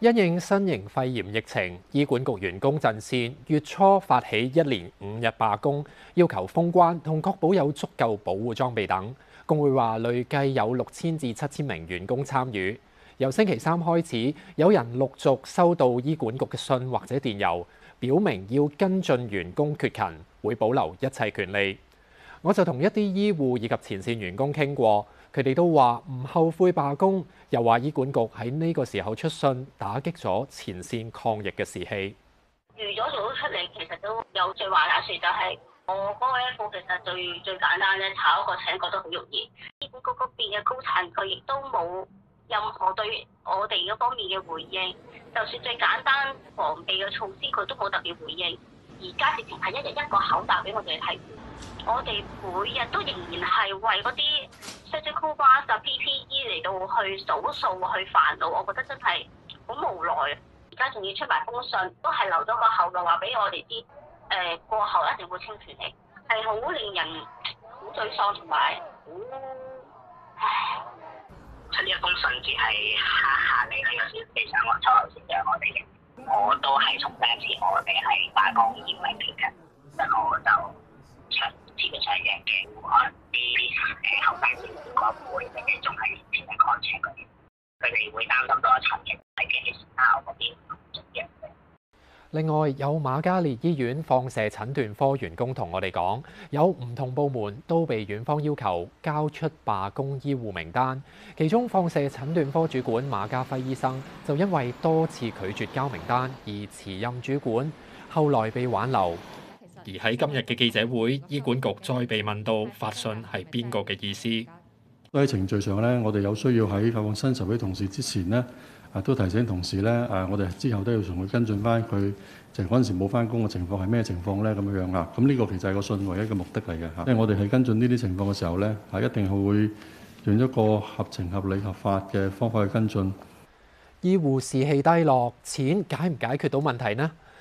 因應新型肺炎疫情，醫管局員工陣線月初發起一連五日罷工，要求封關同確保有足夠保護裝備等。公會工會話累計有六千至七千名員工參與。由星期三開始，有人陸續收到醫管局嘅信或者電郵，表明要跟進員工缺勤，會保留一切權利。我就同一啲醫護以及前線員工傾過，佢哋都話唔後悔罷工，又話醫管局喺呢個時候出信，打擊咗前線抗疫嘅士氣。預咗做咗出嚟，其實都有最壞打算，就係我嗰一個其實最最簡單咧，炒一個請覺得好容易。醫管局嗰邊嘅高層，佢亦都冇任何對我哋嗰方面嘅回應，就算最簡單防備嘅措施佢都冇特別回應，而家直情係一日一個口罩俾我哋睇。我哋每日都仍然係為嗰啲 surgical bus s 啊、PPE 嚟到去數數、去煩惱，我覺得真係好無奈。而家仲要出埋封信，都係留咗個後路，話俾我哋啲誒過後一定會清還你，係好令人好沮喪同埋。好……唉，出呢一封信字係下下嚟。係有少少寄我，抽頭時間我哋，嘅。我都係從第一次我哋係罷工員。另外，有瑪嘉烈醫院放射診斷科員工同我哋講，有唔同部門都被院方要求交出罷工醫護名單，其中放射診斷科主管馬家輝醫生就因為多次拒絕交名單而辭任主管，後來被挽留。而喺今日嘅記者會，醫管局再被問到發信係邊個嘅意思？所以程序上咧，我哋有需要喺發放薪酬俾同事之前咧，啊都提醒同事咧，啊我哋之後都要同佢跟進翻佢，就嗰陣時冇翻工嘅情況係咩情況咧？咁樣啊，咁、這、呢個其實係個信唯一嘅目的嚟嘅嚇，因為我哋係跟進呢啲情況嘅時候咧，啊一定係會用一個合情合理合法嘅方法去跟進。醫護士氣低落，錢解唔解決到問題呢？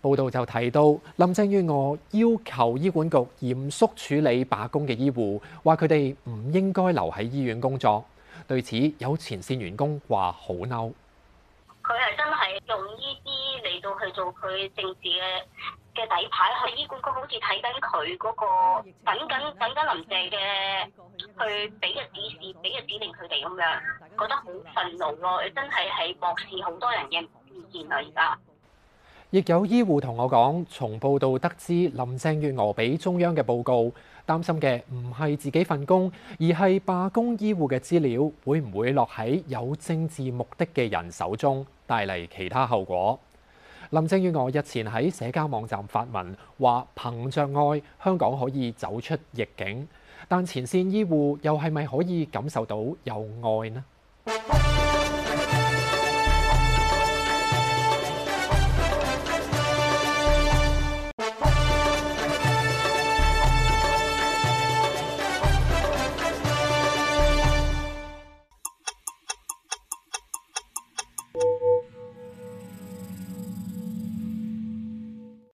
報道就提到，林鄭月娥要求醫管局嚴肅處理罷工嘅醫護，話佢哋唔應該留喺醫院工作。對此，有前線員工話好嬲。佢係真係用呢啲嚟到去做佢政治嘅嘅底牌，喺醫管局好似睇緊佢嗰個等緊等緊林鄭嘅去俾嘅指示、俾嘅指令佢哋咁樣，覺得好憤怒咯！真係係漠視好多人嘅意見呀，而家。亦有醫護同我講，從報道得知林鄭月娥畀中央嘅報告，擔心嘅唔係自己份工，而係罷工醫護嘅資料會唔會落喺有政治目的嘅人手中，帶嚟其他後果。林鄭月娥日前喺社交網站發文，話憑着愛，香港可以走出逆境，但前線醫護又係咪可以感受到有愛呢？